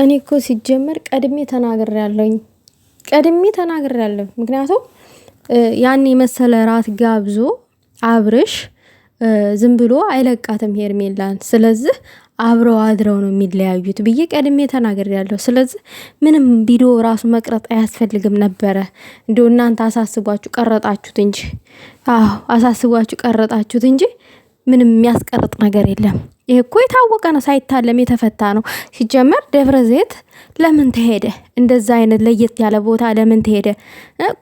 እኔ እኮ ሲጀመር ቀድሜ ተናግሬ ያለኝ ቀድሜ ተናግሬ ያለሁ። ምክንያቱም ያን የመሰለ ራት ጋብዞ አብርሽ ዝም ብሎ አይለቃትም ሄርሜላን። ስለዚህ አብረው አድረው ነው የሚለያዩት ብዬ ቀድሜ ተናገር ያለሁ። ስለዚህ ምንም ቪዲዮ ራሱ መቅረጥ አያስፈልግም ነበረ። እንዲሁ እናንተ አሳስቧችሁ ቀረጣችሁት እንጂ አዎ፣ አሳስቧችሁ ቀረጣችሁት እንጂ ምንም የሚያስቀርጥ ነገር የለም። ይህ እኮ የታወቀ ነው፣ ሳይታለም የተፈታ ነው። ሲጀመር ደብረ ዘይት ለምን ተሄደ? እንደዛ አይነት ለየት ያለ ቦታ ለምን ተሄደ?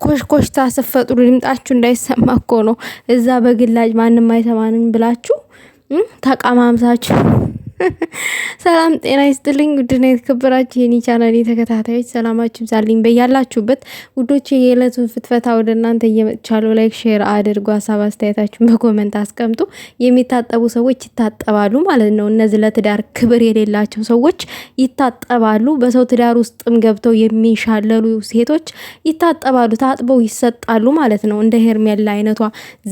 ኮሽኮሽታ ስፈጥሩ ድምጣችሁ እንዳይሰማ እኮ ነው። እዛ በግላጅ ማንም አይሰማንም ብላችሁ ተቀማምሳችሁ ሰላም ጤና ይስጥልኝ። ውድና የተከበራችሁ የኒ ቻናል ተከታታዮች ሰላማችሁ ይብዛልኝ በያላችሁበት። ውዶች የዕለቱን ፍትፈታ ወደ እናንተ እየመጥቻለሁ። ላይክ፣ ሼር አድርጉ። ሀሳብ አስተያየታችሁን በኮመንት አስቀምጡ። የሚታጠቡ ሰዎች ይታጠባሉ ማለት ነው። እነዚህ ለትዳር ክብር የሌላቸው ሰዎች ይታጠባሉ። በሰው ትዳር ውስጥም ገብተው የሚሻለሉ ሴቶች ይታጠባሉ፣ ታጥበው ይሰጣሉ ማለት ነው። እንደ ሄርሜላ አይነቷ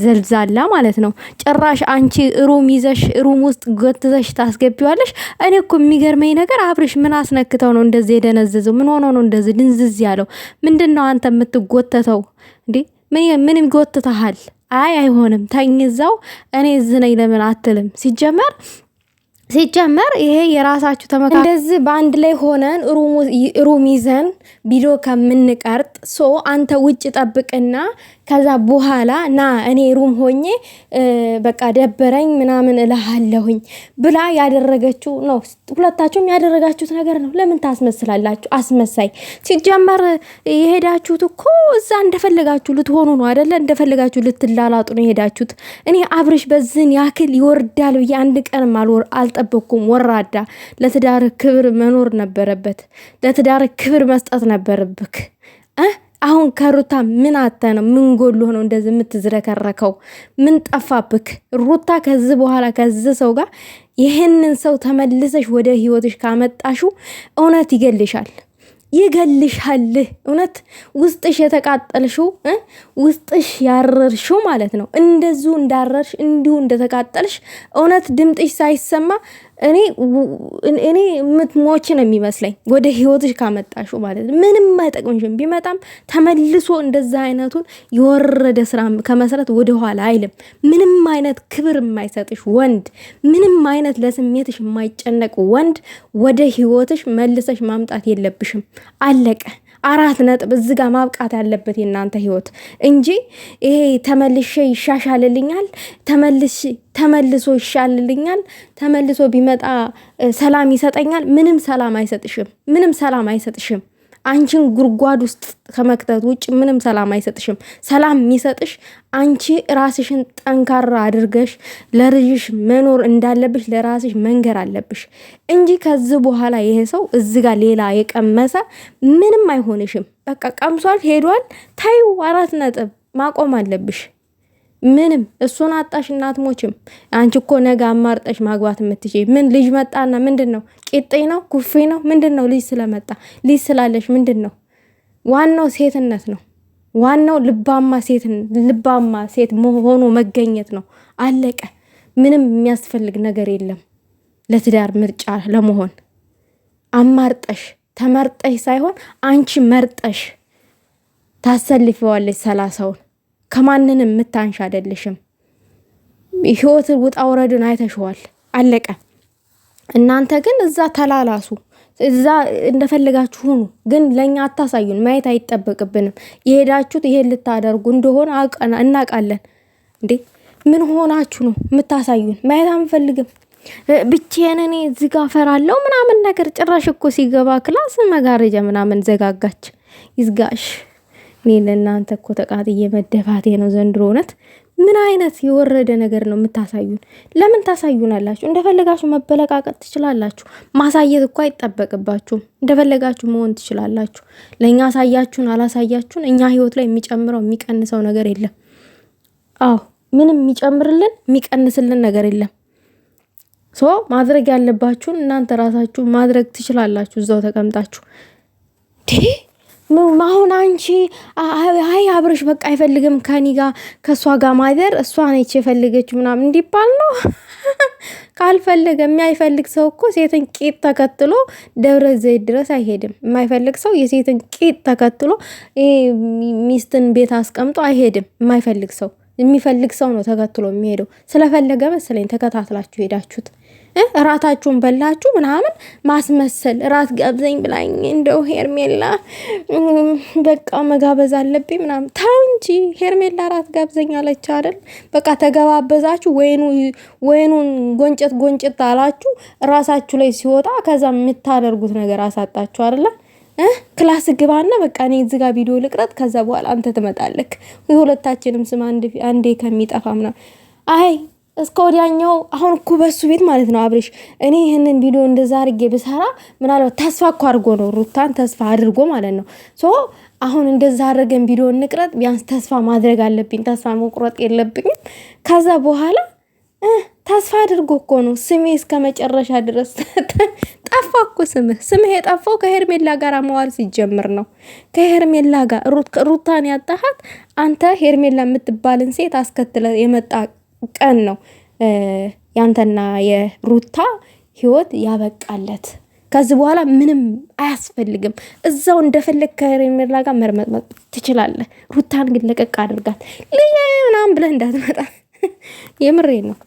ዘልዛላ ማለት ነው። ጭራሽ አንቺ ሩም ይዘሽ ሩም ውስጥ ጎትዘሽ ታስገቢ ትወጂዋለሽ። እኔ እኮ የሚገርመኝ ነገር አብርሽ ምን አስነክተው ነው እንደዚህ የደነዘዘው? ምን ሆኖ ነው እንደዚህ ድንዝዝ ያለው? ምንድን ነው አንተ የምትጎተተው እንዴ? ምን ምን ይጎትተሃል? አይ አይሆንም፣ ተኝዛው እኔ እዚህ ነኝ ለምን አትልም? ሲጀመር ሲጀመር ይሄ የራሳችሁ ተመካ እንደዚህ በአንድ ላይ ሆነን ሩም ይዘን ቪዲዮ ከምንቀርጥ ሶ አንተ ውጭ ጠብቅና ከዛ በኋላ ና እኔ ሩም ሆኜ በቃ ደበረኝ ምናምን እልሃለሁኝ ብላ ያደረገችው ነው። ሁለታችሁም ያደረጋችሁት ነገር ነው። ለምን ታስመስላላችሁ? አስመሳይ ሲጀመር የሄዳችሁት እኮ እዛ እንደፈለጋችሁ ልትሆኑ ነው አደለ? እንደፈለጋችሁ ልትላላጡ ነው የሄዳችሁት። እኔ አብርሽ በዝን ያክል ይወርዳል ብዬ አንድ ቀንም አልጠበኩም። ወራዳ ለትዳር ክብር መኖር ነበረበት። ለትዳር ክብር መስጠት ነበረብክ። አሁን ከሩታ ምን አተ ነው? ምን ጎሎ ነው እንደዚህ የምትዝረከረከው? ምን ጠፋብክ? ሩታ ከዚህ በኋላ ከዚህ ሰው ጋር ይህንን ሰው ተመልሰሽ ወደ ህይወትሽ ካመጣሹ እውነት ይገልሻል ይገልሻል። እውነት ውስጥሽ የተቃጠልሽው ውስጥሽ ያረርሽው ማለት ነው። እንደዚሁ እንዳረርሽ እንዲሁ እንደተቃጠልሽ እውነት ድምጥሽ ሳይሰማ እኔ እኔ የምትሞች ነው የሚመስለኝ ወደ ህይወትሽ ካመጣሹ ማለት ነው። ምንም አይጠቅምሽም። ቢመጣም ተመልሶ እንደዛ አይነቱን የወረደ ስራ ከመስራት ወደኋላ አይልም። ምንም አይነት ክብር የማይሰጥሽ ወንድ፣ ምንም አይነት ለስሜትሽ የማይጨነቅ ወንድ ወደ ህይወትሽ መልሰሽ ማምጣት የለብሽም። አለቀ። አራት ነጥብ እዚ ጋር ማብቃት ያለበት የእናንተ ህይወት እንጂ ይሄ ተመልሼ ይሻሻልልኛል፣ ተመልሶ ይሻልልኛል፣ ተመልሶ ቢመጣ ሰላም ይሰጠኛል። ምንም ሰላም አይሰጥሽም። ምንም ሰላም አይሰጥሽም። አንቺን ጉድጓድ ውስጥ ከመክተት ውጭ ምንም ሰላም አይሰጥሽም። ሰላም የሚሰጥሽ አንቺ ራስሽን ጠንካራ አድርገሽ ለልጅሽ መኖር እንዳለብሽ ለራስሽ መንገር አለብሽ እንጂ ከዚህ በኋላ ይሄ ሰው እዚ ጋር ሌላ የቀመሰ ምንም አይሆንሽም። በቃ ቀምሷል፣ ሄዷል። ታዩ አራት ነጥብ ማቆም አለብሽ። ምንም እሱን አጣሽ እናትሞችም አትሞችም። አንቺ እኮ ነገ አማርጠሽ ማግባት የምትሽ ምን ልጅ መጣና ምንድን ነው? ቂጤ ነው ኩፌ ነው ምንድን ነው? ልጅ ስለመጣ ልጅ ስላለሽ ምንድን ነው? ዋናው ሴትነት ነው። ዋናው ልባማ ሴት ልባማ ሴት ሆኖ መገኘት ነው። አለቀ። ምንም የሚያስፈልግ ነገር የለም። ለትዳር ምርጫ ለመሆን አማርጠሽ ተመርጠሽ ሳይሆን አንቺ መርጠሽ ታሰልፊዋለች ሰላሳውን ከማንንም የምታንሽ አይደለሽም። ህይወት ውጣ ውረድን አይተሸዋል። አለቀ። እናንተ ግን እዛ ተላላሱ፣ እዛ እንደፈለጋችሁ ሁኑ። ግን ለእኛ አታሳዩን፣ ማየት አይጠበቅብንም። የሄዳችሁት ይሄን ልታደርጉ እንደሆነ እናውቃለን። እንዴ ምን ሆናችሁ ነው የምታሳዩን? ማየት አንፈልግም። ብቻዬን እኔ እዚህ ጋር ፈራለሁ ምናምን ነገር ጭራሽ እኮ ሲገባ ክላስ መጋረጃ ምናምን ዘጋጋች ይዝጋሽ። እኔ ለእናንተ እኮ ተቃጥዬ መደፋቴ ነው ዘንድሮ። እውነት ምን አይነት የወረደ ነገር ነው የምታሳዩን? ለምን ታሳዩናላችሁ? እንደፈለጋችሁ መበለቃቀጥ ትችላላችሁ። ማሳየት እኮ አይጠበቅባችሁም። እንደፈለጋችሁ መሆን ትችላላችሁ። ለእኛ አሳያችሁን አላሳያችሁን፣ እኛ ህይወት ላይ የሚጨምረው የሚቀንሰው ነገር የለም። አዎ ምንም የሚጨምርልን የሚቀንስልን ነገር የለም። ሶ ማድረግ ያለባችሁን እናንተ ራሳችሁ ማድረግ ትችላላችሁ እዛው ተቀምጣችሁ። አሁን አንቺ አይ አብረሽ በቃ አይፈልግም ከኒ ጋር ከእሷ ጋር ማደር እሷ ነች የፈልገች ምናምን እንዲባል ነው። ካልፈለገ የሚያይፈልግ ሰው እኮ ሴትን ቂጥ ተከትሎ ደብረ ዘይት ድረስ አይሄድም። የማይፈልግ ሰው የሴትን ቂጥ ተከትሎ ሚስትን ቤት አስቀምጦ አይሄድም። የማይፈልግ ሰው የሚፈልግ ሰው ነው ተከትሎ የሚሄደው። ስለፈለገ መሰለኝ ተከታትላችሁ ሄዳችሁት። እራታችሁን በላችሁ ምናምን ማስመሰል። እራት ጋብዘኝ ብላኝ እንደው ሄርሜላ በቃ መጋበዝ አለብኝ ምናምን። ተው እንጂ ሄርሜላ እራት ጋብዘኝ አለች አይደል? በቃ ተገባበዛችሁ፣ ወይኑ ወይኑን ጎንጨት ጎንጨት አላችሁ ራሳችሁ ላይ ሲወጣ፣ ከዛ የምታደርጉት ነገር አሳጣችሁ አይደለ? ክላስ ግባና በቃ እኔ እዚህ ጋር ቪዲዮ ልቅረጥ፣ ከዛ በኋላ አንተ ትመጣለክ፣ የሁለታችንም ስም አንዴ ከሚጠፋ ምናምን አይ እስከ ወዲያኛው አሁን እኮ በሱ ቤት ማለት ነው አብሬሽ። እኔ ይህንን ቪዲዮ እንደዛ አድርጌ ብሰራ ምናልባት ተስፋ እኮ አድርጎ ነው ሩታን ተስፋ አድርጎ ማለት ነው። ሶ አሁን እንደዛ አድረገን ቪዲዮ እንቅረጥ፣ ቢያንስ ተስፋ ማድረግ አለብኝ። ተስፋ መቁረጥ የለብኝም። ከዛ በኋላ ተስፋ አድርጎ እኮ ነው ስሜ እስከ መጨረሻ ድረስ ጠፋ እኮ ስምህ። ስምህ የጠፋው ከሄርሜላ ጋር መዋል ሲጀምር ነው። ከሄርሜላ ጋር ሩታን ያጣሃት አንተ ሄርሜላ የምትባልን ሴት አስከትለ የመጣ ቀን ነው ያንተና የሩታ ህይወት ያበቃለት። ከዚህ በኋላ ምንም አያስፈልግም። እዛው እንደፈለግ ከረሜላ ጋር መርመጥመጥ ትችላለህ። ሩታን ግን ለቀቅ አድርጋት። ልዬ ምናምን ብለህ እንዳትመጣ። የምሬ ነው።